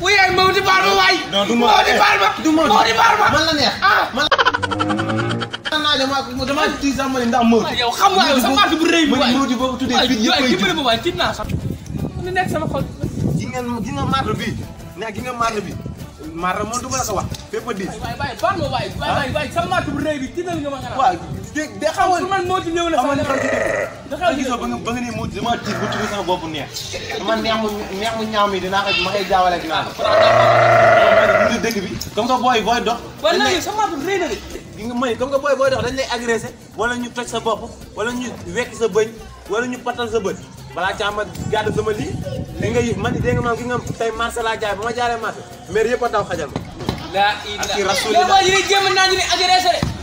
bu yaay Mawdi baal ma waay. non du Mawdi baal ma eh, du Mawdi baal ma. man la neex ah man la. dama dama tuuti sax ma ne ndax Mawdi. Ah, yow xam nga yow sa baat bu rëy bi waay nga gi nga bi ne gi nga marre bi marre moom du ma la ko wax fépp a diis. waay waay baal ma waay. waay waay sa baat bu rëy bi da xawal man moo ci ñëw na sama xar ci da xawal gisoo ba nga sama mi dinaa ko ma koy jaawale ak naan ñu dëkk bi comme que booy booy dox wallahi sama bu rëy na de nga may comme que booy booy dox dañ lay agressé eh. wala ñu toj sa bopp wala ñu wekk sa bëñ wala ñu patal sa bët balaa caa ma gàddu sama lii li nga yëf man dégg nga la agressé eh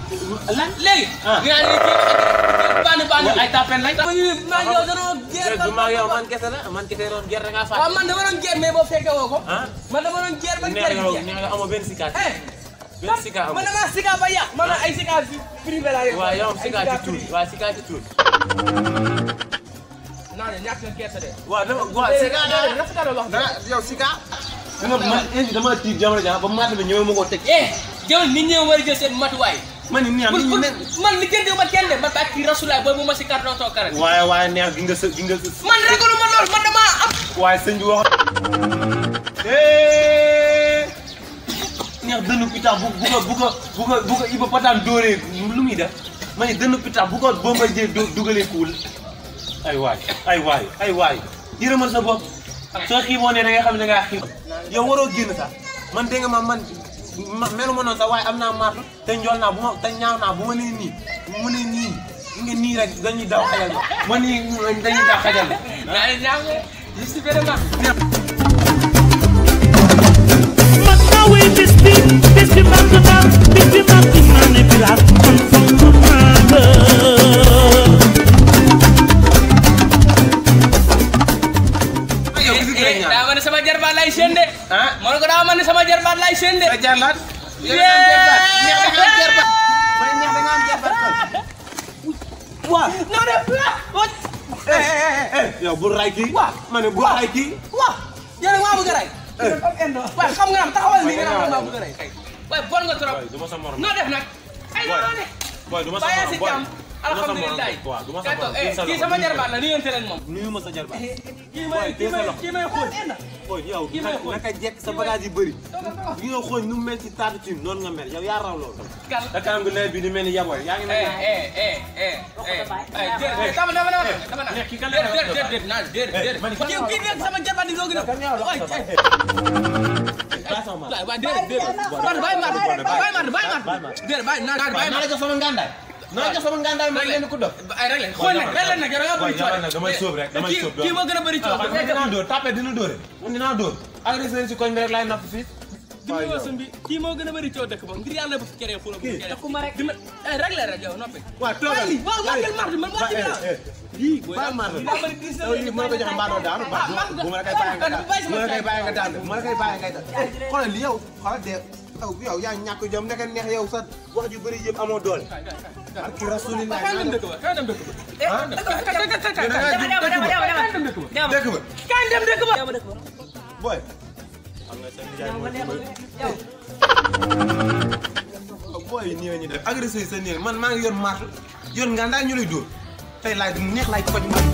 léegi. ginaaw yi kii bànn bànn bi ay tapen lañ. maa ngi yow danoo geer man maa yow man kese la man kese doon geer da ngaa fàtte. waaw man dama doon geer mais boo fekkee woo ko. man dama doon geer ba geer gi jeex. nee nga amoo benn sikaat. benn sikaat amoo man damaa sikaat ba yàq. man ay sikaat bi privé laa yor. waaw yow am sikaat ci tuur waaw sikaat ci tuur. naa ne ñàkk na gerte de. waaw dama waaw sikaat daal rafetal la wax. yow sikaat. dama man indi dama tiir jamono jaa ba mat bi ñëwee ma ko teg. eh jël nit ñi war a jël seen matuwaay man ni am ñu ne man li gën di ma kenn man ba ki rasul ba mu ma ci carte auto kar waaye waaye neex gi nga gi nga man ragalu ma lool man dama am waaye sëñ bi wax eh neex dënn pita bu buka, buka, buka bu iba patan doore lu muy def man ni dënn pita buka ko bomba je dugalé kuul ay waay ay waay ay waay yërëmal sa bopp soo xiiboo ne da nga xam ne da ngaa xiib yow waroo génn sax man dégg nga ma man ma melu ma noonu sax am naa maatu te njool naa bu ma te ñaaw naa bu ma nee nii mu ne nii nga nii rek daw xajal ma ma nii dañuy daw xajal ma. waaye ñaaw na je suis vraiment. man maa wéy bés bi bés bi màgg naa bés bi màgg naa ne bi laa. Hah? Mau ke dalam nih sama Jerman license deh. Iya, Jerman. Jerman. Jerman. Banyak iya, Jerman. Wah. Nah, Wah. Eh, eh, eh, eh. eh. Ya burai lagi. Wah, mana burai lagi. Wah. Jangan ngapa gerai. Eh. Wah, kamu nggak tahu nih ngam lagi. Wah, buang gua terus. Nah, deh nak. Ayo, deh. Boy, rumah sama orang alhamdulillah kato eh ki sama jarbaat la nuyu leen moom nuyu ma sa jarbaat ki may ki may ki may xool xool yow naka jekk sa bagage yi bëri gi nga xool nu mel ci taatu ci noonu nga mel yow yaa raw loolu da kanam gi nawet bi ni mel ni yaboy yaa ngi ne eh eh eh eh déet dama dama dama dama na ki kan la déet déet déet naa déet déet ki ki nekk sama jarbaat di dogi na Bayi mar, bayi mar, bayi non jox sama ngàndaay ma leen ku dof ay rek leen xool nag leen nag yow nag damay sóob rek damay sóob kii moo gën a bëri coow dinaa dóor tapé dina dóore man dinaa dóor agressé si koñ bi rek laay napp fii dimbali woon bi kii moo gën a bëri coow dëkk ba ngir yàlla bu fi keree xuloo bu fi keree ma rek rek la rek yow noppi waaw toogal waaw waaw mardi man moo ci dara eh, eh, yii ba mardi da bari dis yow mën ko joxe mbaa doo daanu bu ma la koy bàyyi nga daan bu ma la koy bàyyi nga daan bu ma la koy bàyyi nga daan xoolal li yow xoolal de yow yaa ñàkk jom nekk neex yow sa wax ju bëri yëpp amoo doole kandem yi nii la ñuy def kandem sa néeg man maa ngi kandem marto yor ngandaay ñu lay kandem tey laaj neex laaj ko kandem man